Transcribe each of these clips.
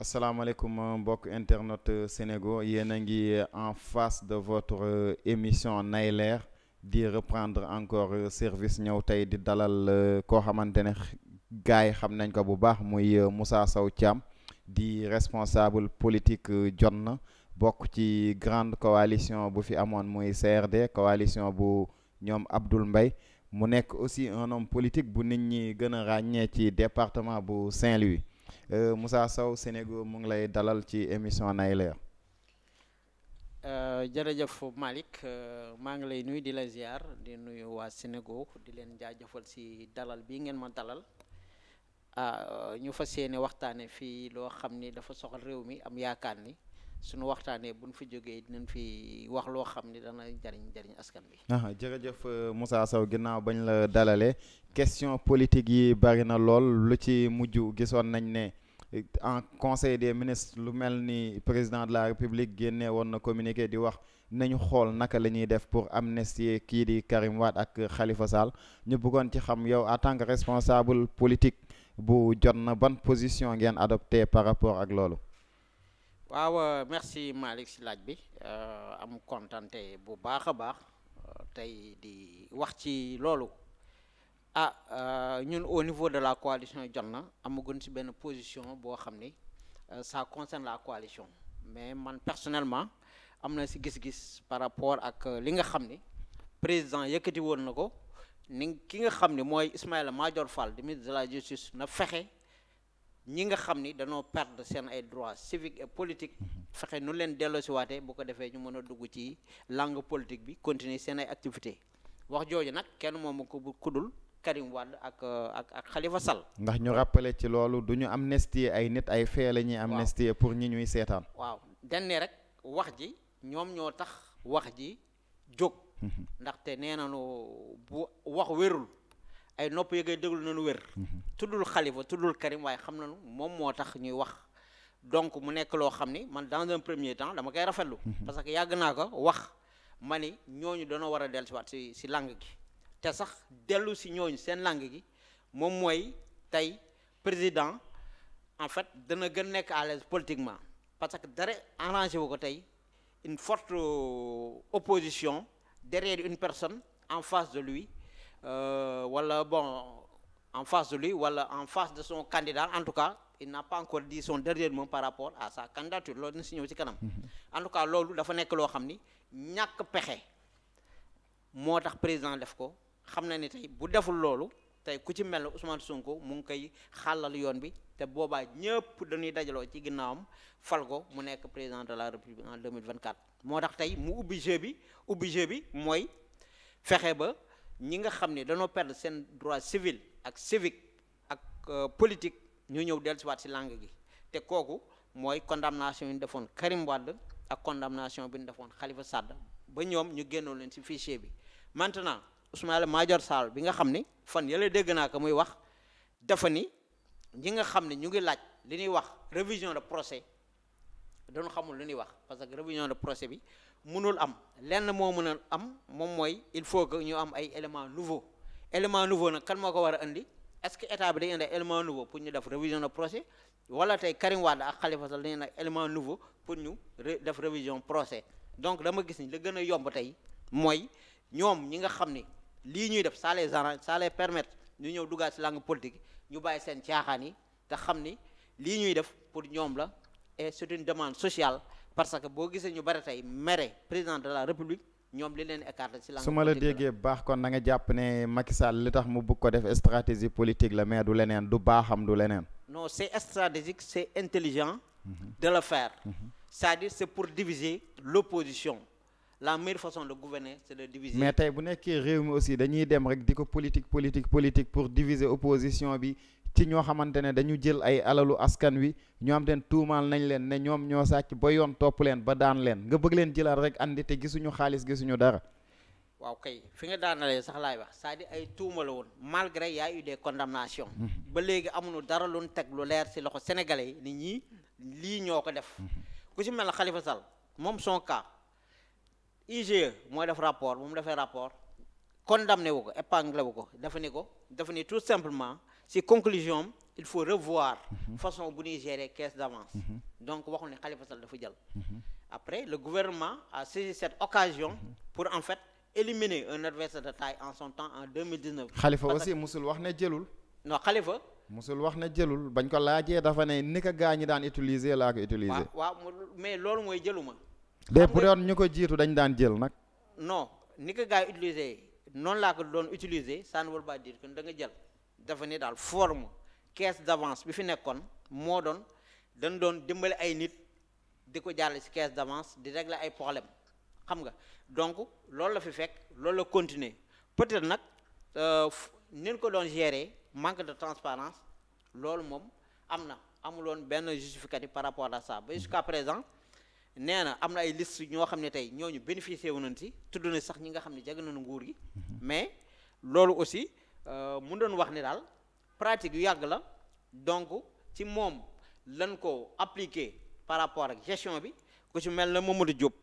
asalaamaaleykum euh, mbokk internet euh, Sénégal yéen a ngi euh, en face de votre émission Nay Leer di reprendre encore service ñëw tey di dalal koo xamante ne gars yi xam nañ ko bu baax muy Moussa Sow Thiam di responsable politique jot na bokk ci grande coalition bu fi amoon muy CRD coalition bu ñoom abdul mbay mu nekk aussi un homme politique bu nit ñi gën a ràññee ci département bu Saint-Louis Euh, Moussa Sow Sénégal mu ngi lay dalal ci émission nay leer euh, jërëjëf Malick euh, maa ngi lay nuyu di la ziar di nuyu waa Sénégal di leen jaajëfal si dalal bi ngeen ma dalal ah ñu fas yéene waxtaane fii loo xam ni dafa soxal réew mi am yaakaar ni sunu waxtaanee buñ fi jógee dinañ fi wax loo xam ni dana jariñ jariñ askan bi a ah, jërëjëf euh, musa saw ginnaaw bañ la dalalee question politique yi bari na lool lu ci mujj gisoon nañ ne en conseil des ministres lu mel ni président de la république génne woon na communiqué di wax nañu xool naka la ñuy def pour amnistie kii di Karim Wade ak xalifa Sall ñu bëggoon ci xam yow en tant que responsable politique bu jot na ban position ngeen adopté par rapport ak loolu waaw euh, merci Malick si laaj bi euh, am kontante bu baax a baax euh, tey di wax ci loolu ah ñun au niveau de la coalition jot na amagun si benn position boo xam ni ça concerne la coalition mais man personnellement am na si gis-gis par rapport ak li nga xam ni président yëkkati woon na ko ni ki nga xam ni mooy Ismaïla Madior Fall de ministre de la justice na fexe ñi nga xam ni dañoo perdre seen ay droits civiques et politiques fexe nu leen delloosiwaatee bu ko defee ñu mën a dugg ci langue politique bi continuer seen ay activités wax jooju nag kenn moomu ko bu kudul Karim Wade ak euh, ak ak Khalifa Sall. ndax ñu rappelé ci loolu du ñu amnistie ay nit ay fee la ñuy amnistie pour ñi ñuy seetaan. waaw dañ rek wax ji ñoom ñoo tax wax ji jóg. ndaxte nee nañu bu wax wérul. ay nopp yëgay déglu nañu wér mhm. tuddul xalifa tuddul karim waaye xam nañu moom moo tax ñuy wax donc mu nekk loo xam ni man dans un premier temps dama koy rafetlu mhm. parce que yàgg naa ko wax ma ni ñooñu danoo war a dellu si waat si si gi te sax dellu si ñooñu seen langue gi moom mooy tey président en fait dana gën nekk à l'aise politiquement parce que dara arrangé wu ko tey une forte opposition derrière une personne en face de lui Euh, wala bon en face de lui wala en face de son candidat en tout cas il n'a pas encore dit son dernier mot par rapport à sa candidature loolu kanam mhm. en tout cas loolu dafa nekk loo xam ni ñàkk pexe moo tax président def ko xam na ni tey bu deful loolu tey ku ci mel ne Ousmane Sonko mu ngi koy xàllal yoon bi te boobaa ñëpp dañuy dajaloo ci ginnaawam fal ko mu nekk président de la république en 2024 moo tax tey mu ubbi jeu bi ubbi jeu bi mooy fexe ba ñi nga xam ne dañoo perdre seen droit civil ak civique ak euh, politique ñu ñëw dellusiwaat si langue gi te kooku mooy condamnation yu ñu defoon Karim Wade ak condamnation bi ñu defoon Khalifa Sall ba ñoom ñu génnoon leen si fichier bi maintenant Ismaïla Madior Fall bi nga xam ni fan yële dégg naa ko muy wax dafa ni ñi nga xam ne ñu ngi laaj li ñuy wax révision de procès dañu xamul lu ñuy wax parce que révision de procès bi mënul am lenn moo mën a am moom mooy il faut que ñu am ay éléments nouveaux élément nouveau nag kan moo ko war a indi est-ce que état bi dañuy indi élément nouveau pour ñu def révision de procès wala tey Karim Wade ak Khalifa Sall dañuy nag élément pour ñu def révision procès donc dama gis ni la gën a yomb tey mooy ñoom ñi nga xam ni lii ñuy def ça les arrange ça les permettre ñu ñëw duggaat si langue politique ñu bàyyi seen caaxaan yi te xam ni lii ñuy def pour ñoom la et c'est une demande sociale parce que boo gisee ñu bari tey mere président de la république ñoom li leen écarté ci la su ma la déggee baax kon na jàpp ne Macky li tax mu bëgg ko def stratégie politique la mais du leneen du baaxam du leneen non c'est stratégique c'est intelligent mhm. de le faire mhm. c'est-à-dire c'est pour diviser l'opposition la meilleure façon de gouverner c'est de diviser. mais tey bu nekkee réew mi aussi dañuy dem rek di ko politique politique politique pour diviser opposition bi ci ñoo xamante ne dañu jël ay alalu askan wi ñoo xamante ne tuumaal nañ leen ne ñoom ñoo sàcc ba yoon topp leen ba daan leen nga bëgg leen jëlaat rek andi te gisuñu xaalis gisuñu dara. waaw kay fi nga daanalee sax laay wax c'est-à-dire ay tuuma la woon malgré yaa a eu des condamnations. Mm-hmm. ba léegi amuñu dara lu teg lu leer si loxo sénégalais yi nit ñi lii ñoo ko def. Mm-hmm. ku si mel na xalifa sal moom son cas IGE mooy def rapport moom mu defee rapport condamné wu ko épinglé wu ko dafa ko dafa ni tout simplement. ci conclusion am il faut revoir mhm. façon bu ñuy gérer caisse d'avance mhm. donc waxul ne Khalifa Sall dafa jël mhm. après le gouvernement a saisi cette occasion pour en fait éliminer un adversaire de taille en son temps en 2019 aussi musul wax ne jëlul non xalifa musul wax ne jëlul bañ ko laajee dafa ne ni ko gaa ñi daan utiliser laa ko utiliser waaw mais loolu mooy jëluma de pour doon ñu ko jiitu dañ daan jël nag non ni ko gaa yi utiliser noonu laa ko doon utiliser ça ne veut pas nga jël dafa ni daal forme caisse d'avance bi fi nekkoon moo doon dañ doon dimbali ay nit di ko jàll ci caisse d'avance di régler ay problème xam nga donc loolu la fi fekk loolu la continuer peut-être nag euh, nin ko doon gérer manque de transparence loolu moom am na amuloon benn justificatif par rapport à ça ba jusqu'à présent nee na am na ay liste ñoo xam ne tey ñooñu bénéficier wu nañ si tudd na sax ñi nga xam ne jege nañu nguur gi mm-hmm. mais loolu aussi Euh, mu doon wax ni daal pratique yu yàgg la donc ci moom lan ko appliquer par rapport ak gestion bi ku si mel na Mamadou Diop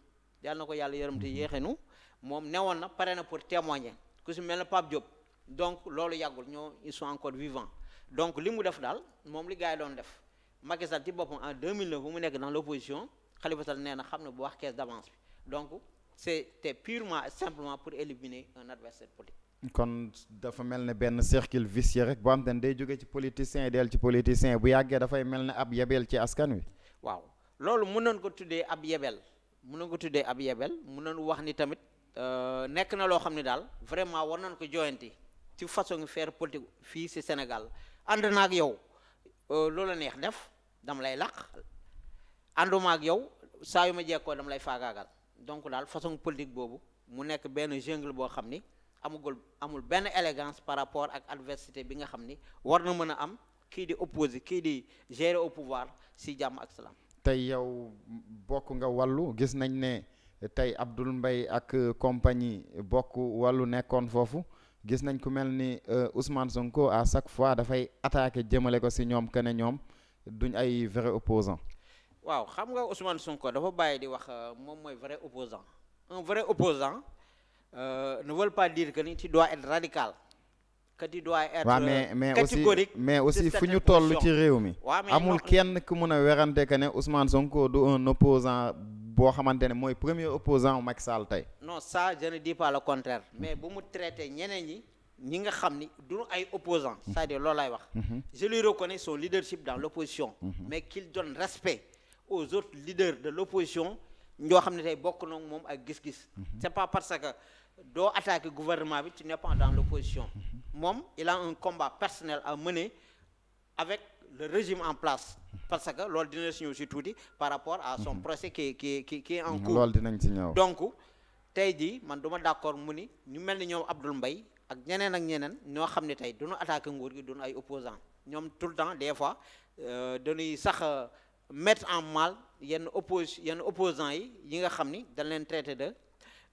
yàlla na ko yàlla yërëm te nu moom newoon na pare na pour témoigner ku si mel na Pape Diop donc loolu yàggul ñoo ils sont encore vivants donc li mu def daal moom li gaa yi doon def Macky Sall ci boppam en 2009 bu mu nekk dans l' opposition Khalifa Sall nee na xam ne bu wax caisse d' avance bi donc c' était purement et simplement pour éliminer un adversaire politique kon dafa mel ne benn cercle vicieux rek boo xam te day jóge ci politicien yi del ci politicien bu yàggee dafay mel ne ab yebel ci askan wi. waaw loolu mënoon ko tuddee ab yebel na ko tuddee ab yebeel yebel mënoon wax ni tamit euh, nekk na loo xam ne daal vraiment war nañ ko joyanti ci façon faire politique fii si Sénégal ànd naa ak yow euh, loola neex def dam lay laq ànduma ak yow saa yu ma jekkoo dam lay faagaagal donc daal façon politique boobu mu nekk benn jungle boo xam ni. amugul amul benn élégance par rapport ak adversité bi nga xam ni war na mën a am kii di opposé kii di gérer au pouvoir si jàmm ak salaam. tey yow bokk nga wàllu gis nañ ne tey Abdoul Mbaye ak compagnie bokk wàllu nekkoon foofu gis nañ ku mel ni euh, Ousmane Sonko à chaque fois dafay attaqué jëmale ko si ñoom que ñoom duñ ay vrai opposant waaw xam nga Ousmane Sonko dafa bàyyi di wax euh, moom mooy vrai opposant un vrai opposant euh, ne veulent pas dire que ni tu dois être radical. que tu dois euh, mais, mais aussi, mais aussi fu ñu toll ci réew mi. amul kenn ku mun a werante que ne Ousmane Sonko du un opposant boo xamante ne mooy premier opposant Macky Sall tey. non ça je ne dis pas le contraire. mais bu mu traité ñeneen ñi. ñi nga xam ni du ay opposants mhm. c'est-à-dire wax mhm. je lui reconnais son leadership dans l'opposition mhm. mais qu'il donne respect aux autres leaders de l'opposition ñoo xam ne tey bokk na ak gis doo attaquer gouvernement bi ci n'es pas dans l'opposition moom il a un combat personnel à mener avec le régime en place parce que loolu dina si tuuti par rapport à son mhm. procès qui qui qui qui est en mhm. cours dinañ si ñëw donc tey jii man du ma d'accord mu ni ñu mel ni ñoom Abdoul mbay ak ñeneen ak ñeneen ñoo xam ne tey duñu attaque nguur gi duñu ay opposants ñoom tout le temps des fois euh, dañuy sax euh, mettre en mal yenn oppos yenn opposants yi yi nga xam ni dañ leen traité de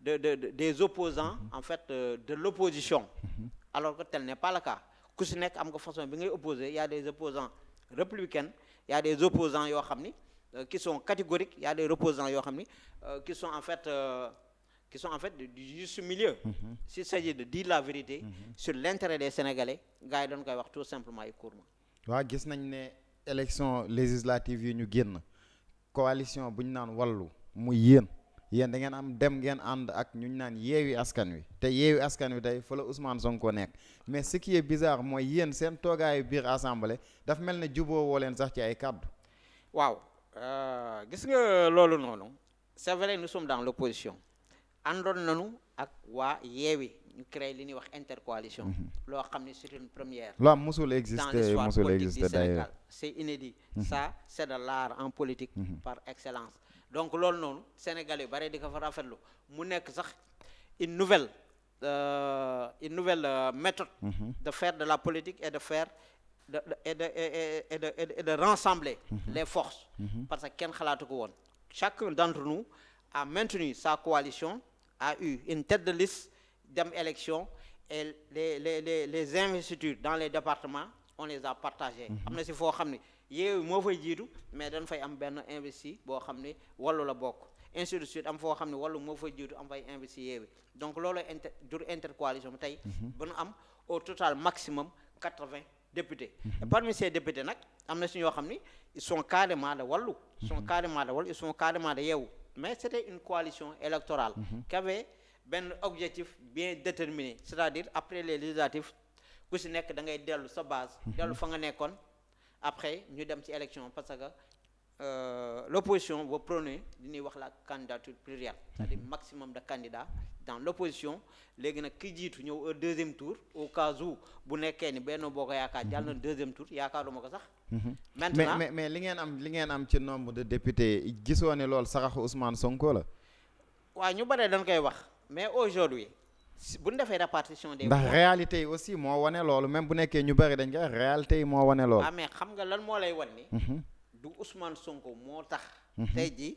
de, de, de des opposants mhm. en fait euh, de l'opposition mhm. alors que tel n'est pas le cas ku si nekk am nga façon bi ngay opposé y des opposants républicains y des opposants yoo xam ni euh, qui sont catégoriques y des opposants yoo xam ni euh, qui sont en fait qui sont en fait du juste milieu mhm. s'il s'agit de dire la vérité sur l'intérêt des Sénégalais gars yi doon koy wax tout simplement et courtement waaw gis nañ ne élection législative yi ñu génn coalition bu ñu naan wàllu mu yéen yéen da ngeen am dem ngeen ànd ak ñu ñu naan yeewi askan wi te yeewi askan wi tey fa la Ousmane Sonko nekk mais ce qui est bizarre mooy yéen seen toogaayu biir assemblée daf mel ne juboo woo leen sax ci ay kàddu. waaw euh, gis nga loolu noonu c'est vrai nous sommes dans l'opposition àndoon nanu ak waa yeewi ñu créé li ñuy wax intercoalition. Mhm. loo xam ne c'est première. loo xam musul exister musul exister d'ailleurs dans l'histoire politique du Sénégal c'est inédit. Mhm. ça en politique. Mhm. par excellence. donc loolu noonu Sénégal yu bare di ko fa rafetlu mu nekk sax une nouvelle euh, une euh, méthode mhm. de faire de la politique et de faire de et de et de et mhm. les forces mhm. parce que kenn xalaatu ko woon chacun d'entre nous a maintenu sa coalition a eu une tête de liste dem élection et les les les les investitures dans les départements on les a partagées am na si foo xam ne yeewu moo fay jiitu mais dañ fay am benn investi boo xam ne wallu la bokk ainsi de suite am foo xam ne wallu moo fay jiitu am fay investi yeewi donc loolu inter jur intercoalition bi tey mhm. ba nu am au total maximum quatre-vingts députés mhm. et député nag am na si ñoo xam ni ils sont carrément mhm. wallu ils sont carrément de carrément de yeewu mais c'était une coalition électorale qui benn objectif bien déterminé c'est-à-dire après les législatives ku si nekk da ngay dellu sa base dellu fa nga nekkoon après ñu dem ci élection parce que euh, l'opposition va prôner li ñuy wax la candidature plurielle c'est-à-dire mhm. maximum de candidats dans l'opposition léegi nag ki jiitu ñëw deuxième tour au cas où bu nekkee ni benn boo ko yaakaar jàll na mhm. deuxième tour yaakaaruma ko sax mhm. maintenant mais mais li ngeen am li ngeen am ci nombre de députés gisoo ne loolu saxax Ousmane Sonko la waa ñu bare dañ koy wax mais aujourd'hui bu ñu defee répartition des. ndax réalité yi aussi moo wane loolu même bu nekkee ñu bëri dañ koy réalité yi moo wane loolu. ah mais xam nga lan moo lay wan ni. Mhm. du Ousmane Sonko moo tax. Mhm. tey jii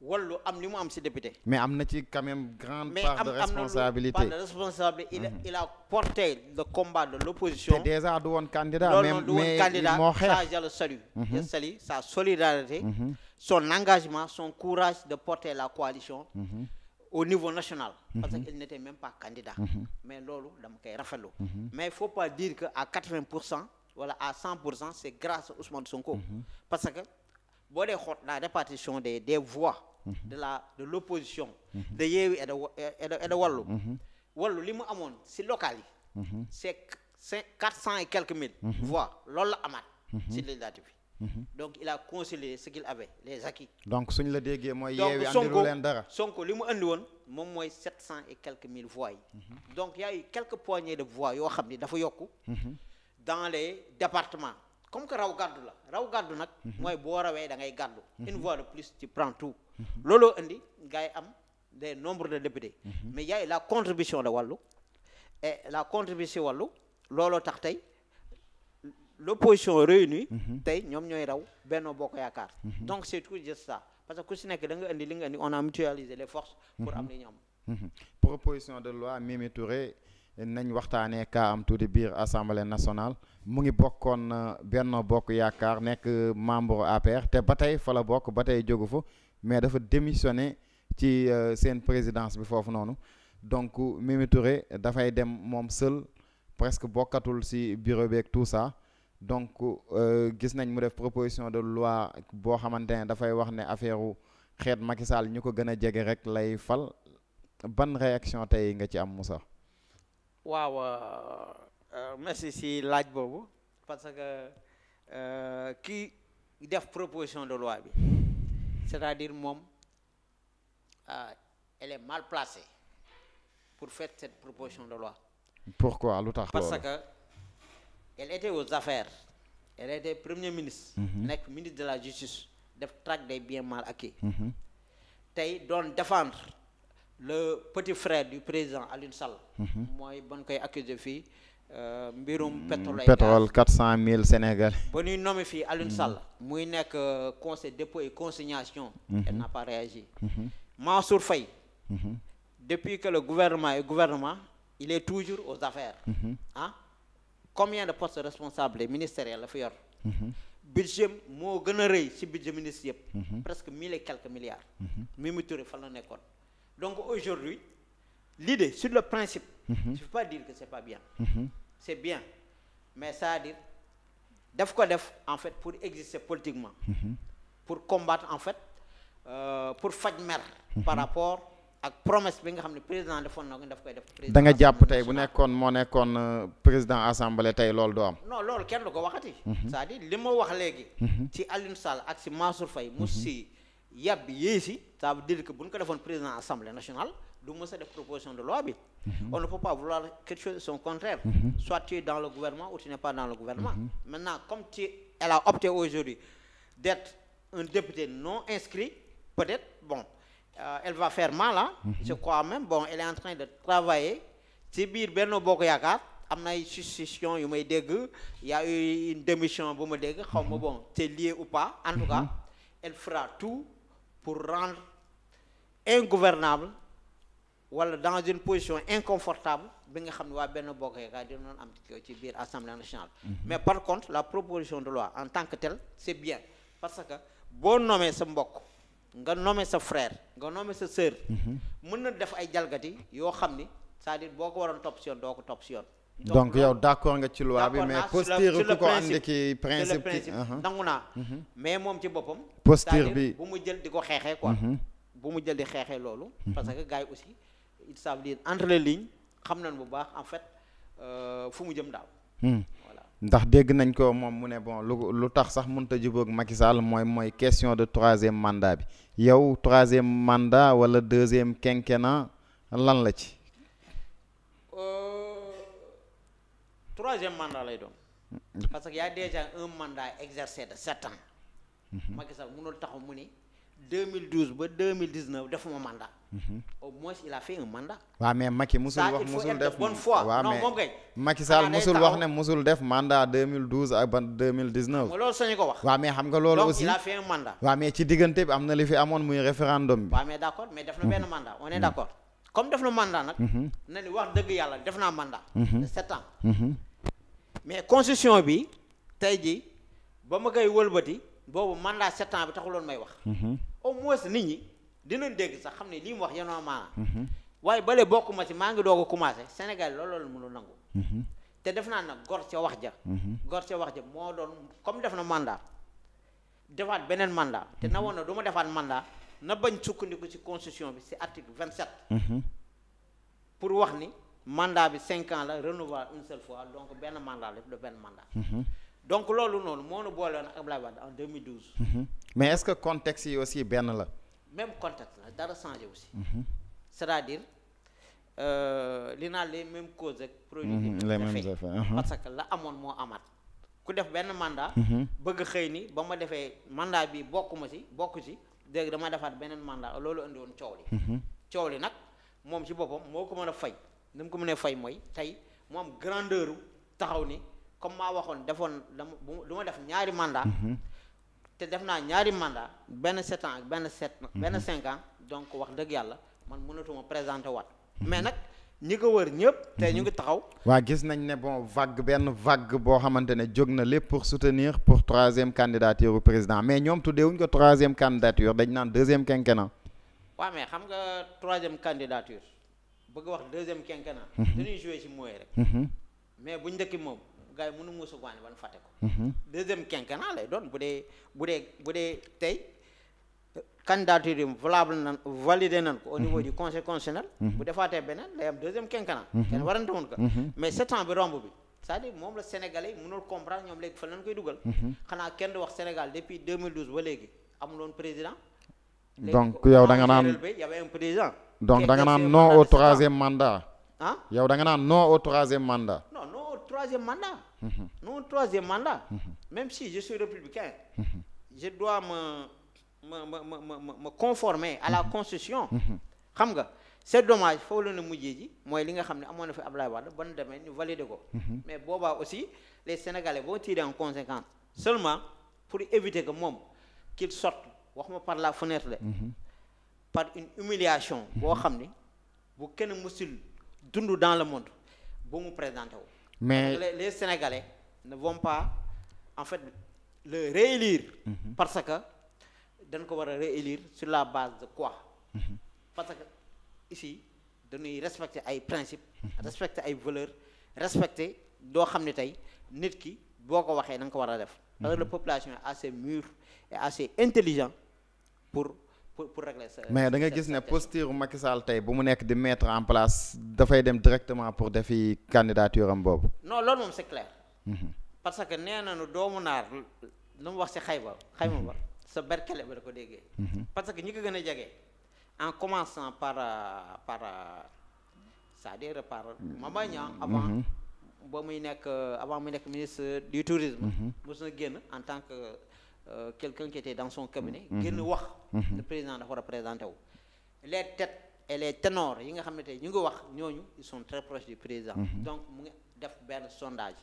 wallu am li mu am si député. mais am na ci quand même grande part de responsabilité de responsabilité. il a mhm. il a porté le combat de l' déjà du woon candidat. mais mais moo xeex sa solidarité. son engagement son courage de porter la coalition. au niveau national. Mhm. parce qu'il n'était même pas candidat. Mhm. mais loolu dama koy rafetlu. Mhm. mais faut pas dire que à quatre vingt pour cent wala à cent pour cent c' est grâce à Ousmane Sonko. parce que boo dee xool la répartition des des voix. de la de l' opposition. de Yewwi et de et de li mu amoon si local yi. c' est cent et quelques mille. voix loolu la si législative bi. Mhm. donc il a consolidé ce qu'il avait les acquis. donc suñ la déggee mooy. yeewi andilu leen dara donc Sonko li mu indi woon moom mooy sept cent et quelques mille voix yi. Mhm. donc y a eu quelques poignées de voix yoo xam ni dafa yokku. Mhm. dans les département comme que raw gàddu la raw gàddu nag. mooy boo rawee da ngay gàddu. une voix de plus ci prends tout. looloo indi ngay am des nombre de députés. mais y la contribution de wàllu. et la contribution wallu looloo tax tey. l'opposition réunie mhm. tey ñoom ñooy raw Benno Bokk Yaakaar mhm. donc c'est tout juste ça parce que ku si nekk da nga indi li nga indi on a mutualisé les forces pour mhm. am li ñu proposition de loi Mimi Touré nañ waxtaanee kaa am tuuti biir assemblée nationale mu ngi bokkoon euh, Benno Bokk Yaakaar nekk euh, membre APR te ba tey fa la bokk ba tey jógu fa mais dafa démissionné ci euh, seen présidence bi foofu noonu donc Mimi Touré dafay dem moom seul presque bokkatul si bureau beeg ça donc euh, gis nañ mu def proposition de loi boo xamante ne dafay wax ne affaire u xeet Macky Sall ñu ko gën a jege rek lay fal ban réaction tey nga ci am Moussa. waaw euh, euh, merci si laaj boobu parce que ki def proposition de loi bi c'est-à-dire moom elle est mal placée pour faire cette proposition de loi. quoi lu tax elle était aux affaires elle était premier ministre. Mhm. nekk ministre de la justice def traque des biens mal acquis. Mhm. tey doon défendre le petit frère du président Alioune Sall. Mhm. mooy ban koy accuser fii euh, mbirum mm, pétrole. pétrole quatre cent mille Sénégal. ba ñuy nommé fii Alioune Sall. muy nekk euh, conseil dépôt et consignation. elle n'a pas réagi. Mansour Faye. depuis que le gouvernement est gouvernement il est toujours aux affaires. Ah? combien de postes responsables ministériels la fi yor. Mhm. budget moo gën a rëy ci budget ministre yëpp. Mhm. presque mille et quelques milliards. Mhm. Mimi Touré fan la nekkoon donc aujourd'hui l'idée sur le principe. je ne peux pas dire que c'est pas bien. c'est bien mais c'est-à-dire daf ko def en fait pour exister politiquement. pour combattre en fait euh, pour faj mer. par rapport. ak promesse bi nga xam ne président de defoon na ko daf koy def. da nga jàpp tey bu nekkoon moo nekkoon euh, président assemblée tey loolu doom am. non loolu kenn du ko waxati. Mhm. c'est-à-dire li ma wax léegi. Mhm. ci Alioune Sall ak si Mansour Faye mu mhm. si yàbb yéey si. ça veut dire que bu ñu ko defoon président assemblée nationale du mës a def proposition de loi bi. on ne peut pas vouloir quelque chose de son contraire. soit tu dans le gouvernement ou tu n'es pas dans le gouvernement. maintenant comme tu elle a opté aujourd'hui d'être un député non inscrit peut-être bon. euh, elle va faire mal ah. Mm -hmm. je crois même bon elle est en train de travailler ci biir Benno Bokk Yaakaar am na ay suspicion yu may dégg y a eu une démission bu ma dégg xaw ma mhm. bon c'est lié ou pas en tout cas mhm. elle fera tout pour rendre ingouvernable wala dans une position inconfortable bi nga xam ne waa Benno Bokk Yaakaar dina noon am ci biir assemblée nationale mhm. mais par contre la proposition de loi en tant que telle c'est bien parce que boo nomee sa mbokk nga nommé sa frère nga nome sa sœur. Mhm. mën na def ay jalgati yoo xam ni cest à boo ko waroon topp si doo ko topp si yoon. donc yow d'accord nga ci loi bi mais posture ko andi ki mhm. moom ci boppam posture bi bu mu jël di ko xeexee quoi mhm. bu mu jël di xeexee loolu parce que gars aussi ils savent lire entre les lignes xam nañ bu baax en fait euh, fu mu jëm daal hmm. ndax dégg nañ ko moom mu ne bon lu lu tax sax mënut a jubóog Macky Sall mooy mooy question de troisième mandat bi yow troisième mandat wala deuxième na lan la ci. Euh, troisième mandat lay doon. Mm-hmm. parce que y a déjà un mandat exercé de sept ans. Mm-hmm. Macky Sall mënul mu ni. 2012 ba 2019 defuma mandat. Mhm. au moins il a fait un mais Macky musul wax musul def bonne foi waaw mais Macky Sall def mandat 2012 ak ba 2019. loolu ko wax. waaw mais xam nga loolu aussi il a fait un mandat. waaw mais ci diggante bi am na li fi amoon muy référendum bi. mais d' accord mais def na benn mhm. mandat on est mhm. d' accord comme def na mandat nag. na ni wax dëgg yàlla def naa mandat. de sept ans. mais constitution bi tey ji ba ma koy wëlbati. boobu mandat sept ans bi taxuloon may wax. Mhm. au moins nit ñi dinañ dégg sax xam ne lii mu wax yenn maanaam. Mhm. waaye bale bokk ma si maa ngi doog a commencé Sénégal loolu la mënul nangu. Mhm. te def naa nag gor ca wax ja. gor ca wax ja moo doon comme def na mandat. defaat beneen mandat te na woon na du ma defaat mandat na bañ sukkandiku ci constitution bi si article vingt sept. pour wax ni mandat bi cinq ans la renouvelable une seule fois donc benn mandat la benn mandat. donc loolu noonu moo nu boole woon ak Abdoulaye Wade en 2012. Mhm. mais est-ce que contexte yi aussi benn la. même contexte la dara changé aussi. Mhm. c'est-à-dire euh, li naan les mêmes causes ak. produits mhm, les mêmes effets uh-huh. la amoon moo amaat. ku def benn mandat. bëgg xëy ni ba ma defee mandat bi bokkuma si bokk ci dégg dama defaat beneen mandat loolu indi woon coow li. coow li nag moom ci boppam moo ko mën a fay ni mu ko mënee fay mooy tey mu am grandeur taxaw ni. comme maa waxoon defoon dama bu ma def ñaari mandat mhm. te def naa ñaari mandat benn sept ans ak benn sept mhm. benn cinq ans donc wax dëgg yàlla man mënatuma présenter waat mhm. mais nag ñi ko wër ñëpp te ñu ngi taxaw waa gis nañ ne bon vague benn vague boo xamante ne jóg na lépp pour soutenir pour troisième candidature président mais ñoom dee tuddeewuñ ko troisième candidature dañ naan deuxième quinquennat waaw mais xam nga troisième candidature bëgg wax deuxième quinquennat dañuy gars yi mënu muusu waane ba nu fàtte ko mhm. deuxième quinquennat lay doon bu dee bu dee bu tey candidature valable nan validé nan ko au niveau mhm. du conseil constitutionnel mhm. bu te beneen lay am deuxième quinquennat kenn warante woon ko mais sept ans bi romb bi c'est-à-dire moom la sénégalais yi mënul comprendre ñoom léegi fan lañ koy dugal xanaa kenn du wax sénégal depuis 2012 ba léegi amuloon président donc yow da nga naan y avait un président da nga naan non au troisième mandat ah yow da naan non au troisième mandat troisième mandat. Mhm. non troisième mandat. Mhm. même si je suis républicain. Mhm. je dois ma ma ma ma ma ma conformer à la constitution. xam nga c'est domage foofu la ñu mujjee ji mooy li nga xam ne amoon na fi Ablaye Wade ba ñu demee ñu valider ko. mais boobaa aussi les Sénégalais vont tirer en conséquence seulement pour éviter que moom qu'il sorte wax ma par la fenêtre de. par une humiliation boo xam ni bu kenn musul dund dans le monde bu mu présenté wu. mais les, les Sénégalais ne vont pas en fait le réélire. Mhm. parce que dañ ko war a réélire sur la base de quoi. Mhm. parce que ici dañuy respecter ay principes. respecter ay valeurs respecte doo xam ne tey nit ki boo ko waxee na nga ko war a def. parce que mhm. la population est assez mûre et assez intelligente pour. pour pour régler sa mais da nga gis ne posture Macky Sall tey bu mu nekk di mettre en place dafay dem directement pour defi candidature am boobu. non loolu moom c'est clair. Mhm. parce que nee nu doomu naar lu mu wax ci xay xayma ba mhm. sa berkele ba da ko déggee. Mhm. parce que ñi ko gën a jege en commençant par euh, par euh, c'est-à-dire par Mama Niang ba muy nekk euh, avant muy nekk ministre du tourisme. mos na génn en tant que. Euh, quelqu'un qui dans son cabinet mm-hmm. génn wax mm-hmm. le président dafa war a présenté wu les yi nga xam ne tey ñu ngi wax ñooñu ils sont très proches du président mm-hmm. donc mu ngi def benn sondage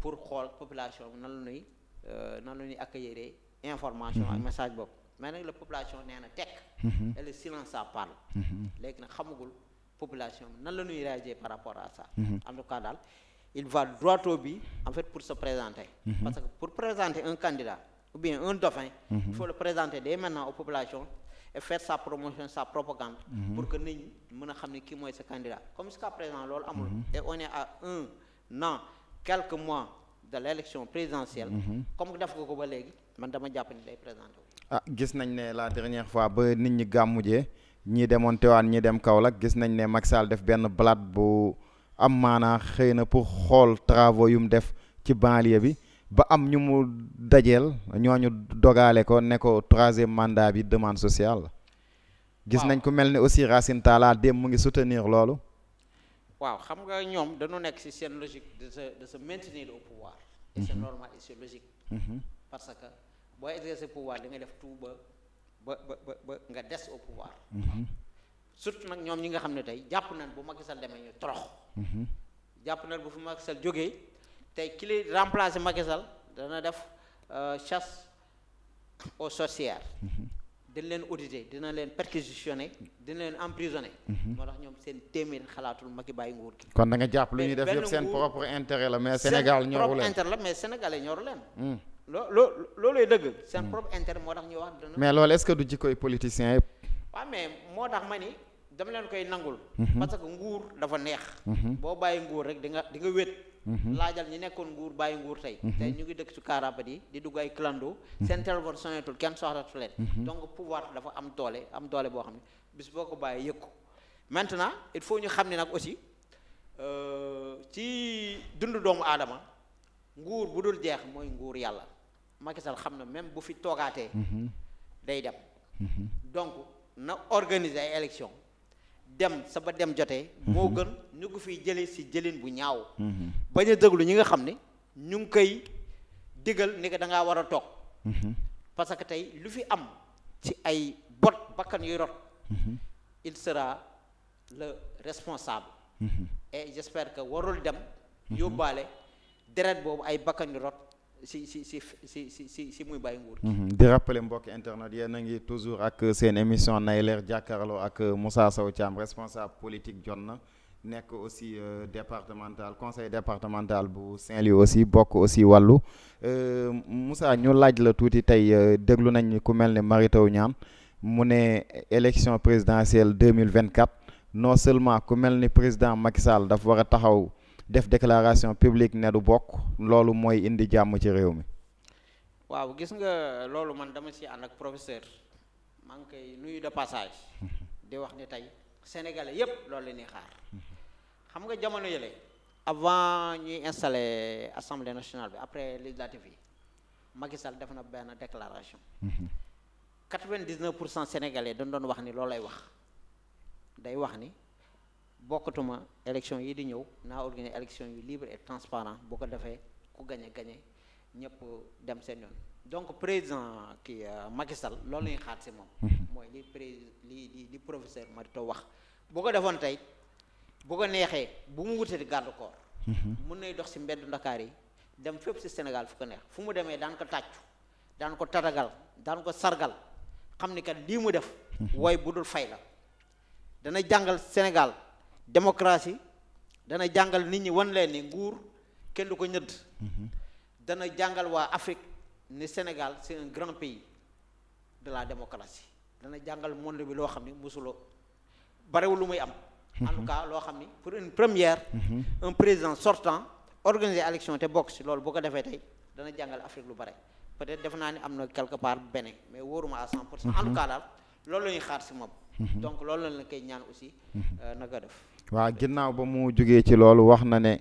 pour xool population bi na la ñuy euh, nan la ñuy accueillir information ak message boobu mais nag la population nee na tekk et le silence ça parle léegi nag xamagul population bi nan la ñuy réagir par rapport à ça en tout cas daal il va droit au en fait pour se présenter parce que ou bien un dauphin. Mm -hmm. il mhm. faut le présenter dès maintenant aux populations et faire sa promotion sa propagande. Mhm. pour que nit ñi mën a xam ni kii mooy sa candidat comme jusqu'à présent loolu amul. Mhm. et on est à un an quelques mois de l' élection présidentielle. comme def nga ko ba léegi man dama jàpp ni day présenté ah gis nañ ne la dernière fois ba nit ñi gàmmujee ñii demoon Tivaouane ñii dem Kaolack gis nañ ne Macky Sall def benn blatt bu am maanaa xëy na pour xool travaux yu mu def ci banlieue bi. ba am ñu mu dajeel ñooñu dogale ko ne ko troisième mandat bi demande sociale la gis nañ ko mel ni aussi Racine Talla dem mu ngi soutenir loolu waaw xam nga ñoom dañu nekk ci seen logique de se de se maintenir au pouvoir et mhm. mhm. parce que boo exercer pouvoir di nga def tout ba ba ba ba nga des au pouvoir mhm. surtout nag ñoom ñi nga xam ne tey jàpp nañ bu ma Sall demee ñu torox jàpp nañ bu fi Macky Sall jógee tey ki lay remplacer Macky Sall dana def euh, chasse aux sorcières mm-hmm. dina leen auditer dina leen perquisitionner dina leen emprisonner. Mm-hmm. moo tax ñoom seen téeméer xalaatul Macky bàyyi nguur gi. kon da nga jàpp lu ñu def yëpp seen propre intérêt la mais Sénégal ñoru leen seen propre intérêt la loo mm. loo looluy dëgg. seen mm. propre intérêt moo tax ñuy wax dana. mais loolu est-ce que du jikkoy politiciens yëpp. waaw mais moo tax ma ni dama leen koy nangul. Mm-hmm. parce que nguur dafa neex. boo bàyyi nguur rek di nga Mm-hmm. laajal ñi nekkoon nguur bàyyi nguur tey mm-hmm. tey ñu ngi dëkk su kaarabat yi di dugg ay clando mm-hmm. seen téléphone sonetul kenn soxlatu leen donc pouvoir dafa am doole am doole boo xam ne bis boo ko bàyyee yëg ko maintenant il faut ñu xam ne nag aussi euh, ci dund doomu aadama nguur bu dul jeex mooy nguur yàlla Macky Sall xam na même bu fi toogaatee day dem donc na organiser ay élection dem saba dem jotee mhm. moo gën ñu ko fiy jële si jëlin bu ñaaw mhm. bañ a déglu ñi nga xam ne ñu ngi koy digal ni ko da ngaa war a toog mhm. parce que tey lu fi am ci ay bot bakkan yuy rot il sera le responsable et j'espère que warul dem yóbbaale deret boobu ay bakkan yu rot si si si si si si si muy bàyyi nguur mhm. di rappeler mbokki internet yéen a ngi toujours ak seen émission nay leer jàkkaarloo ak euh, Moussa Sow Thiam responsable politique jot na nekk aussi euh, départemental conseil départemental bu Saint-Louis aussi bokk aussi wàllu euh, Moussa ñu laaj la tuuti tey déglu nañ ku mel ni Mary Teuw Niane mu ne élection présidentielle 2024 non seulement ku mel ni président Macky Sall dafa war a taxaw def déclaration publique ne du bokk loolu mooy indi jàmm ci réew mi. waaw gis nga loolu man dama ci ànd ak professeur maa ngi koy nuyu de passage mm-hmm. di wax ni tey sénégalais yépp loolu la ñuy xaar xam nga jamono yële avant ñuy installer assemblée nationale bi après législative yi Macky def na benn déclaration. 99 mm-hmm. pour cent sénégalais dañ doon wax ni loolu lay wax day wax ni. bokkatuma élection yi di ñëw naa organiser élection yu libre et transparent bu ko defee ku gañe gañe ñëpp dem seen yoon donc président kii euh, Macky Sall loolu ñuy xaat si moom mhm. mooy li pré li li professeur Marito wax bu ko defoon tey bu ko neexee bu mu wutati garde corps mhm. mun nay dox si mbedd Ndakaar yi dem fépp si Sénégal fu ko neex fu mu demee daan ko tàccu daan ko taragal daan ko sargal xam ni kat lii mu def mhm. woy bu dul fay la dana jàngal Sénégal démocratie dana jàngal nit ñi wan leen ni nguur kenn du ko ñëdd mhm. dana jàngal waa Afrique ni Sénégal c'est un grand pays de la démocratie dana jàngal monde bi loo xam ni mosuloo barewul lu muy am en tout mhm. loo xam ni pour une première mhm. un président sortant organiser élection te bokk si loolu boo ko defee tey dana jàngal Afrique lu bare peut-être def naa ni am na quelque part benn mais wóoruma à cent pour cent en tout cas daal loolu la xaar si moom donc loolu la koy ñaan aussi euh, naka def waa ginnaaw ba mu jógee ci loolu wax na ne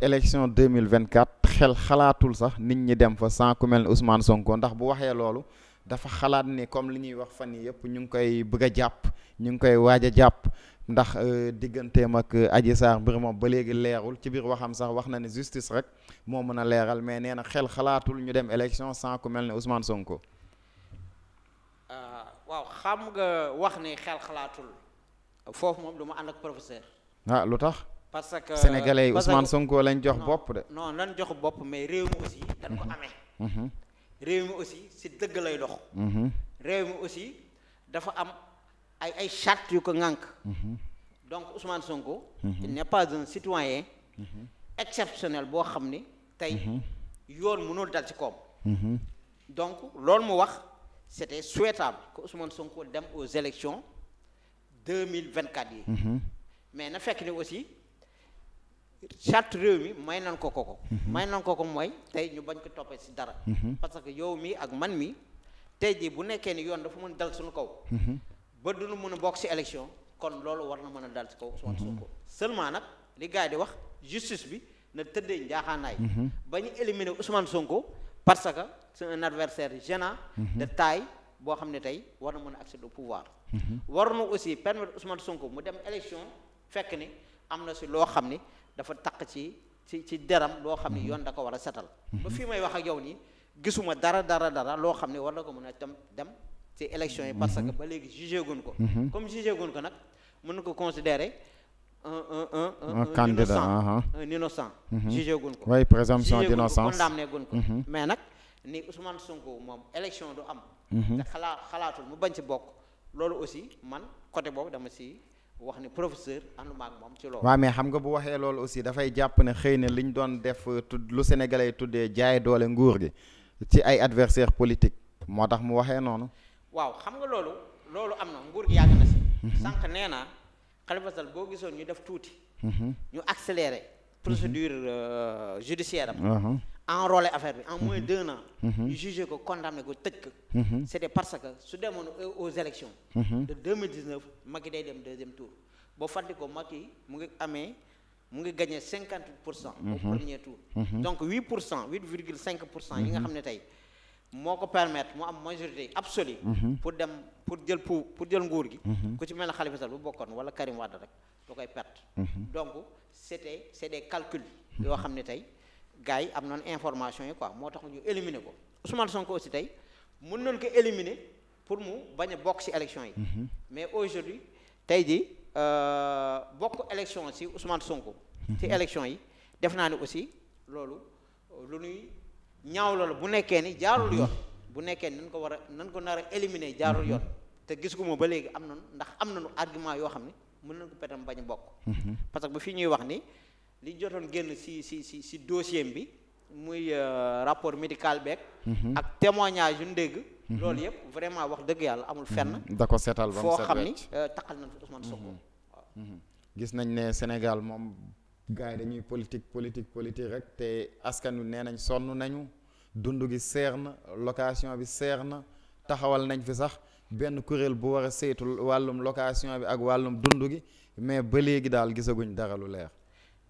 élection 2024 xel xalaatul sax nit ñi dem fa cent ku mel ne Sonko ndax bu waxee loolu dafa xalaat ni comme li ñuy wax fan yi yëpp ñu ngi koy bëgg a jàpp ñu ngi koy waaj a jàpp ndax euh, digganteem ak euh, aji Sarr mbir moom ba léegi leerul ci biir waxam sax wax na ne justice rek moo mën a leeral mais nee na xel xalaatul ñu dem élection sans ku mel ne Sonko. Ah, waaw xam nga wax ni xel xalaatul foofu moom du ma ànd ah lu tax. parce que sénégalais yi Ousmane Sonko lañ jox bopp de. non jox bopp mais réew mi aussi dañ ko amee. Mhm. réew mi aussi si dëgg lay dox. Mhm. réew aussi dafa am ay ay charte yu ko ŋànk. Mhm. donc Ousmane Sonko. il n'est citoyen. exceptionnel boo xam ni tey. yoon mënul dal ci koom. donc loolu mu wax c'était souhaitable que Ousmane Sonko dem aux élections deux mille vingt-quatre yi. mais na fekk ni aussi charte réew mi may nan ko koko mhm. may nan ko ko mooy tey ñu bañ ko toppee si dara mhm. parce que yow mi ak man mi tey jii bu nekkee ni yoon dafa mën dal suñu kaw mhm. ba duñu mën a bokk si élection kon loolu war na mën a dal ci kaw Ousmane Sonko seulement nag li gars yi di wax justice bi na tëddee njaaxaanaay ba ñu éliminer Ousmane Sonko parce que c'est un adversaire gênant de taille boo xam ne tey war na mën a accéder au pouvoir war na aussi permettre Ousmane Sonko mu dem élection fekk ni am na si loo xam ni dafa taq ci ci ci deram loo xam ni mhm. yoon da ko war a setal mhm. ba fii may wax ak yow nii gisuma dara dara dara loo xam ni war na ko mën a tam dem ci élection yi mhm. parce que ba léegi jugé gun ko comme jugé gun ko nag mën na ko considérer un un un un candidat un innocent ah, ah. jugé gun ko oui présomption d'innocence condamné gun ko mais nag ni Ousmane Sonko moom élection du am te xalaa xalaatul mu bañ ci bokk loolu aussi man côté boobu dama si wax ne professeur ànduma ak moom ci loolu. waaw mais xam nga bu waxee loolu aussi dafay jàpp ne xëy na li ñu doon def euh, tudd lu sénégalais tuddee jaay doole nguur gi ci ay adversaire politique moo tax mu waxee noonu. waaw xam nga loolu loolu am na nguur gi yàgg na si. Mhm. sànq nee naa boo gisoon ñu def tuuti. Mhm. ñu accélérer procédure euh, judiciaire am. Mhm. en enrôler affaire bi en moins mhm. d' na an. Mhm. ko condamné ko tëj ko. Mhm. c' était parce que su demoon aux élections de deux mille dix neuf Macky day dem deuxième tour boo fàttali ko Macky mu ngi amee mu ngi gagné cinquante pour cent. au premier tour. donc huit pour cent huit virgule cinq pour cent yi nga xam ne tey moo ko permetre mu am majorité absolue. pour dem pour jël pour pour jël nguur gi. ku ci mel ne Khalifa Sall bu bokkoon wala Karim Wade rek da koy perte. donc c' était c' des calculs yoo xam ne tey. gars am nañ information yi quoi moo tax ñu éliminer ko Ousmane Sonko aussi tey mun nañ ko éliminer pour mu bañ a bokk ci élection yi. Mhm. mais aujourd'hui tey ji euh, bokk élection ci Ousmane Sonko. ci mhm. élection yi def naa ne aussi loolu euh, lu ñuy ñaaw loolu bu nekkee ni jaarul mhm. yoon. bu nekkee ni nañ ko war a nañ ko nar a éliminer jaarul yoon. te gis gu ma ba léegi am na ndax am na nañu argument yoo xam ni mën nañ ko mu bañ a bokk. parce que bu fi ñuy wax ni. li jotoon génn si si si si dossier bi muy euh, rapport médical beeg. Mhm. ak témoignage yu ñu dégg. Mhm. loolu yëpp vraiment wax dëgg yàlla amul fenn. Mhm. da ko seetal ba mu foo xam ni euh, taxal nañ fi gis nañ ne Sénégal moom gars yi dañuy politique politique politique rek te askan wi nee nañ sonn nañu dund gi seer na location bi seer na taxawal nañ fi sax benn kuréel bu war a saytu wàllum location bi ak wàllum dund gi mais ba léegi daal gisaguñ dara lu leer.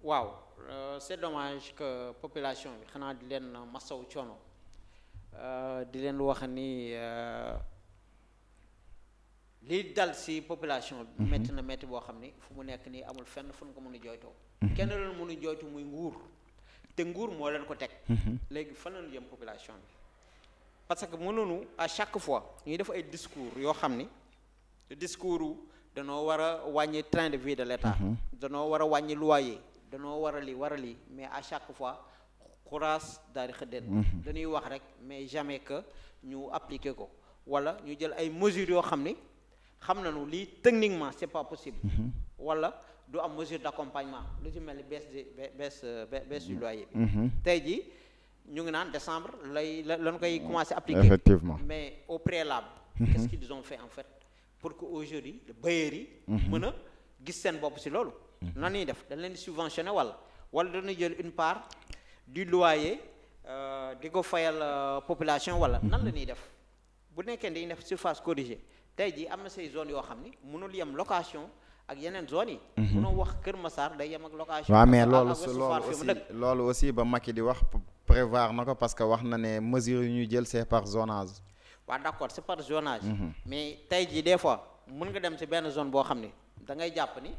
waaw euh, c'est dommage que population bi xanaa di leen masaw coono euh, di leen wax ni euh, liy dal ci population bi métti mm-hmm. na métti boo xam ni fu mu nekk nii amul fenn fu ñu ko mën a jooytoo mm-hmm. kenn leen mënu jooytu muy nguur te nguur moo leen ko teg mm-hmm. léegi fan lañu jëm population bi parce que mënuñu à chaque fois ñuy def ay discours yoo xam ni discours danoo war a wàññi train de vie de l'État danoo war a wàññi loyer danoo warali warali mais à chaque fois xuraas daal di xëddeen mhm. dañuy wax rek mais jamais que ñu appliquer ko wala ñu jël ay mesures yoo xam ni xam nañu lii techniquement c'est pas possible mhm. wala du am mesure d'accompagnement lu ci mel ni baisse de baisse baisse du mhm. tey jii ñu ngi naan décembre lay lañ koy commencer appliquer effectivement mais au préalable qu'est-ce qu'ils ont fait en fait pour que aujourd'hui bailleurs yi mën a gis seen bopp si loolu Mhm. nan ñuy def dañ leen di subventionné wala wala dañuy jël une part du loyer euh, di ko fayal euh, population wala nan la mhm. ñuy def bu nekkee dañuy def surface corrigée tey jii am na sey zone yoo xam ni mënul yem location ak yeneen zone yi. mënoo mhm. wax Kër Massar day yem ak location. waaw mais loolu loolu aussi ba aussi ba Macky di wax prévoir na ko parce que wax na ne mesures yu ñu jël c'est par zonage. waa d'accord c'est par zonage. mais tey jii des fois mën nga dem ci benn zone boo xam ni da ngay jàpp ni.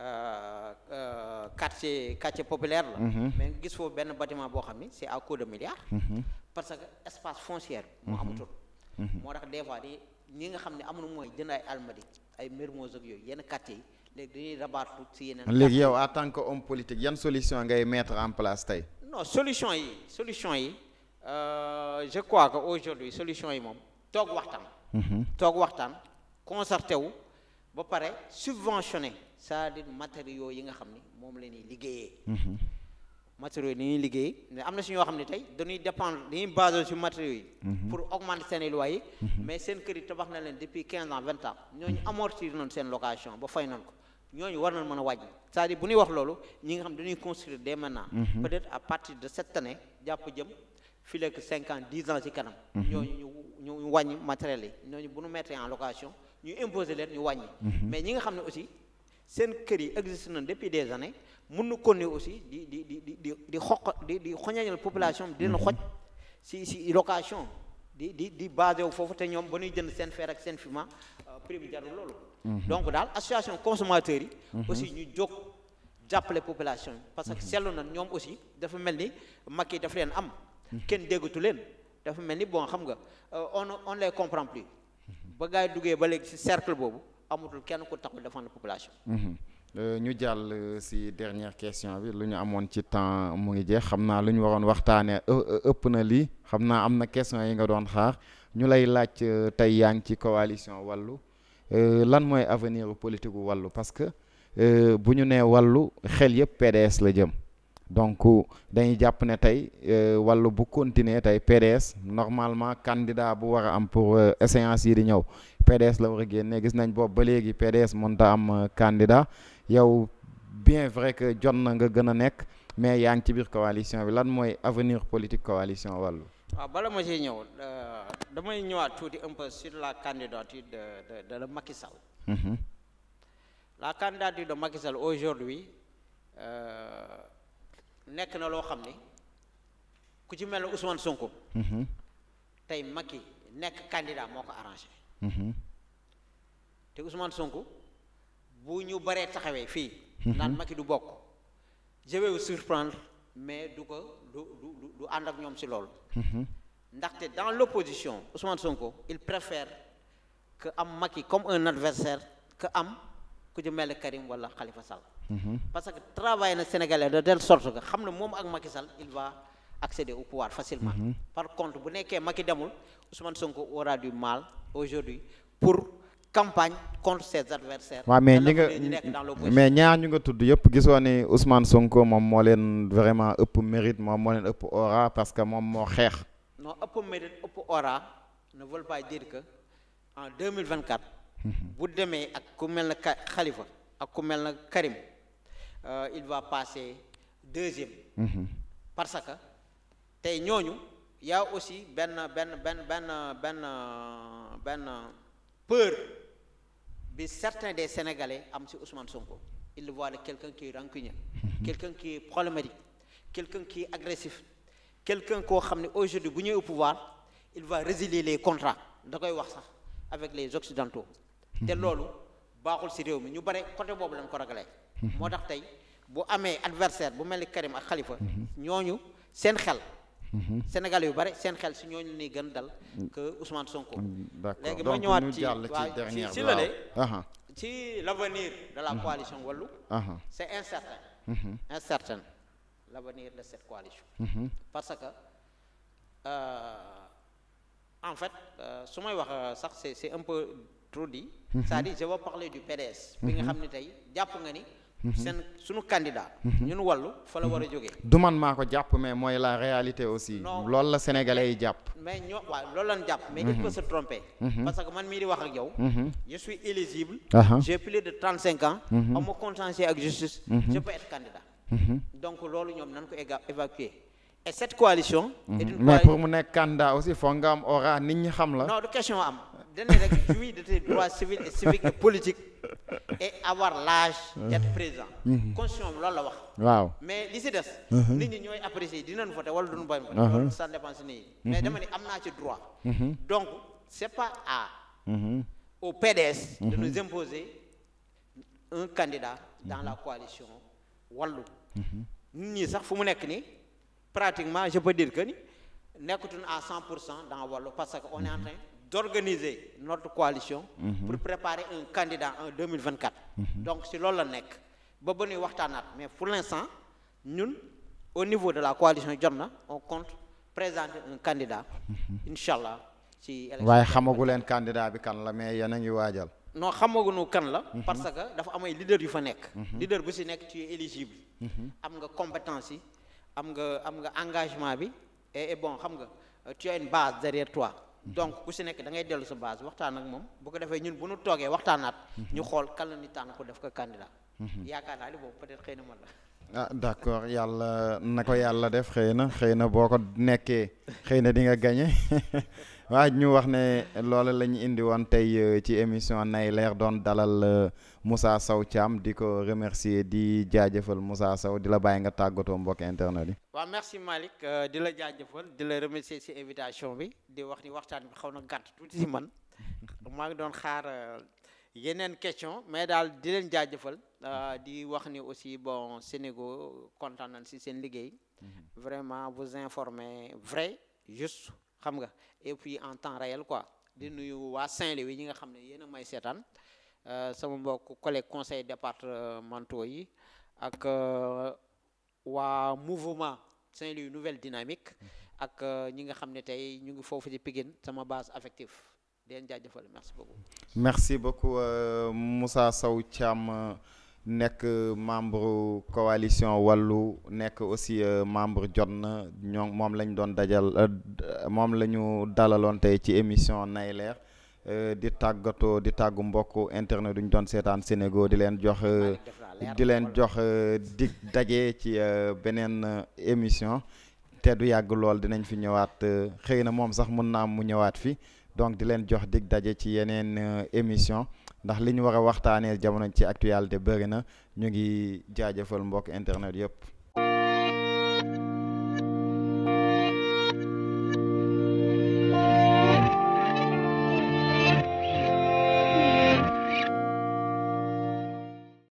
Euh, euh, quartier quartier populaire la. Mhm. mais gis foofu benn bâtiment boo xam ni c'est à coup de milliards. Mhm. parce que espace foncier bi. moo mhm. moo tax des fois di ñi nga xam ne amuñu mooy jënd ay almadi ay Mermoz yooyu yenn quartier yi léegi dañuy rabaatu ci yeneen. léegi yow en tant que homme politique yan solution ngay mettre en place tey. non solution yi solution yi euh, je crois que aujourd'hui solution yi moom toog waxtaan. toog waxtaan concerté wu. ba pare subventionné c'est-à-dire matériaux yi nga xam ni moom la ñuy liggéeyee mhm. matériaux yi ni ñuy liggéey mais am na si ñoo xam ne tey dañuy dépendre dañuy basé si matériaux yi mhm. pour augmenter seen loyer yi mhm. mais seen kër yi tabax na leen depuis quinze ans vingt ans ñooñu amortir nañ seen location ba fay nañ ko ñooñu war na mën a wàññi cest à bu ñuy wax loolu ñi nga xam dañuy construire dès man peut-être à partir de cette année jàpp jëm fi lekk cinq ans dix ans ci ñu ñu wàññi matériels yi ñooñu bu ñu mettre location ñu imposer leen ñu wàññi mhm. mais ñi nga xam ne aussi seen kër yi existe na depuis des années mun na continuer aussi di di di di di di xoq di di xoñañal population di leen mhm. xoj si si location di di di basé foofu te ñoom ba ñuy jënd seen fer ak seen fument euh, prix jarul loolu mhm. donc daal association consommateurs yi aussi ñu jóg jàppale population yi parce que seetlu na ñoom aussi dafa mel ni mag yi dafa leen am kenn déggatu leen dafa mel ni bon xam nga euh, on on les comprend plus ba gaa yi duggee ba léegi ci cercle boobu amatul kenn ku taxu défendre population. Mhm. Euh, ñu jàll euh, ci dernière question bi lu ñu amoon ci temps mu ngi jeex xam naa lu ñu waroon waxtaanee e, ëpp na lii xam naa am na question yi nga doon xaar ñu lay laaj euh, tey yaa ngi ci coalition wàllu lan mooy avenir politique gu wàllu parce que bu ñu nee wàllu xel yëpp PDS la jëm. donc dañuy jàpp ne tey euh, wàllu bu continuer tey PDS normalement candidat bu war a am pour euh, échéance yi di ñëw PDS la war a génne gis nañ boobu ba léegi PDS mënta am euh, candidat yow bien vrai que jot na nga gën a nekk mais yaa ngi ci biir coalition bi lan mooy avenir politique coalition wàllu. waaw ah, bala ma siy ñëw damay ñëwaat tuuti un peu sur la candidature de de de la mhm. candidature de Macky aujourd'hui. nekk na loo xam ni ku ci mel ne Ousmane Sonko. Mhm. tey Macky nekk candidat moo ko arrangé. Mhm. te Ousmane Sonko bu ñu baree taxawee fii. Mhm. naan Macky du bokk. je surprendre mais du ko du du du ànd ak ñoom si loolu. ndaxte dans l'opposition Ousmane Sonko il préfère que am Macky comme un adversaire que am ku ci mel ne Karim wala Khalifa Sall. parce que travail na sénégalais de telle sorte que xam na moom ak Macky Sall il va accéder au pouvoir facilement. Mm-hmm. par contre bu nekkee Macky demul Ousmane Sonko aura du mal aujourd'hui pour. campagne contre ses adversaires. waaw mais ñi nga mais ñaar ñu nga tudd yëpp gisoo ni Ousmane Sonko moom moo leen vraiment ëpp mérite moom moo leen ëpp aura parce que moom moo xeex. noo ëpp mérite ëpp aura ne veut pas dire que en deux mille vingt quatre. Mm-hmm. bu demee ak ku mel na Khalifa ak ku mel na Karim. euh, il va passer deuxième mm parce que tey ñooñu y aussi benn benn benn benn benn benn peur bi certains des Sénégalais am si Ousmane Sonko il le voit de quelqu'un qui est rancunier mm-hmm. quelqu'un qui est problématique quelqu'un qui est agressif koo xam ne aujourd'hui bu ñëwee au pouvoir il va résilier les contrats da koy wax sax avec les occidentaux mm-hmm. te loolu baaxul si réew mi ñu bare côté boobu lañu ko ragalee Mhm. moo tax tey bu amee adversaire bu mel ni Karim ak Khalifa mhm. ñooñu seen xel mhm. Sénégal yu bare seen xel si ñooñu ni gën dal mm. que Ousmane Sonko mm, léegi ma ñëwaat ci waaw si lale uh-huh. ci l'avenir de la mm-hmm. coalition Wallu uh-huh. c'est incertain mm-hmm. incertain l'avenir de cette coalition mm-hmm. parce que euh, en fait euh, su may wax euh, sax c'est c'est un peu trop dit c'est-à-dire je parler du PDS bi nga xam ne tey jàpp nga ni Mhm. seen suñu candidat. Mhm. ñun wàllu fa la mhm. war a jógee. du man maa ko jàpp mais mooy la réalité aussi. loolu la sénégalais yi jàpp. mais ñoo waaw loolu lañ jàpp. mais il peut se tromper. parce que man mii di wax ak yow. je suis éligible. j'ai plus de trente cinq ans. on m'a contentieux ak justice. je peux être candidat. donc loolu ñoom nañ ko évacuer et cette coalition. est une coalition pour mu nekk candidat aussi foog nga am aura nit ñi xam la. dañ rek jouir de tes droits civils et eh, civiques et eh, politiques eh, et avoir l'âge d'être mm-hmm. présent mm-hmm. constitution bi la wax waaw mais li si des nit ñi ñooy apprécier dinañ voté wala duñu bañ voté ça dépend si nit ñi mais mm-hmm. dama am naa ci droit donc c'est pas à au PDS de nous imposer un candidat dans la coalition Wallu nit ñi sax fu mu nekk nii pratiquement je peux dire que ni nekkatuñ à cent pour cent dans Wallu parce que on en train d'organiser notre coalition. Mhm. pour préparer un candidat en 2024. Mhm. donc si loolu la nekk ba ba ñuy waxtaanaat mais pour l'instant ñun au niveau de la coalition jot na on compte présenter un candidat. Mhm. incha allah ci élection waaye xamagu leen candidat bi kan la mais yéen a ngi waajal. non xamaguñu kan la. parce que dafa am ay leader yu fa nekk. leader bu si nekk ci éligible. am nga compétence yi am nga am nga engagement bi et bon xam nga tu as une base derrière toi. donc ku si nekk dangay ngay dellu sa base waxtaan ak moom bu ko defee ñun bu nu toogee waxtaanaat. ñu xool kan la ñu ko def ko candidat. yaakaar naa ne boobu peut-être xëy na mën la. ah d'accord yàlla na ko yàlla def xëy na xëy na boo ko nekkee xëy na di nga gañe waa ñu wax ne loola la ñu indi woon tey euh, ci émission nay leer doon dalal euh, Moussa Sow Thiam di ko remercier di jaajëfal Moussa Sow di la bàyyi nga tàggatoo mbokk internet yi. waa merci Malick euh, di la jaajëfal di la remercier ci invitation bi di wax ni waxtaan bi xaw na gàtt tuuti si man maa doon xaar yeneen question mais daal di leen jaajëfal di wax ni aussi bon Sénégal kontaan nañ ci seen liggéey. Mhm. vraiment vous informer vrai juste. xam nga et puis en temps réel quoi di nuyu waa Saint-Louis ñi nga xam ne yéen a may seetaan euh, sama mbokk collègue conseil départementaux yi ak euh, waa mouvement Saint-Louis nouvelle dynamique ak euh, ñi nga xam ne tey ñu ngi foofu ci Pikine sama base affective di leen jaajëfal merci beaucoup merci beaucoup Moussa nekk membre coalition wallu nekk aussi euh, membre jot na ñoo moom lañ doon dajal euh, euh, moom la ñu dalaloon tey ci émission nay leer di tàggatoo di tàggu mbokk internet duñ doon seetaan Sénégal di leen jox di leen jox dig daje ci beneen émission te du yàgg lool dinañ fi ñëwaat xëy na moom sax mun naa mu ñëwaat fi donc di leen jox dig daje ci yeneen émission ndax li ñu war a waxtaanee jamono ci actualité bëri na ñu ngi jaajëfal mbokk internet yëpp.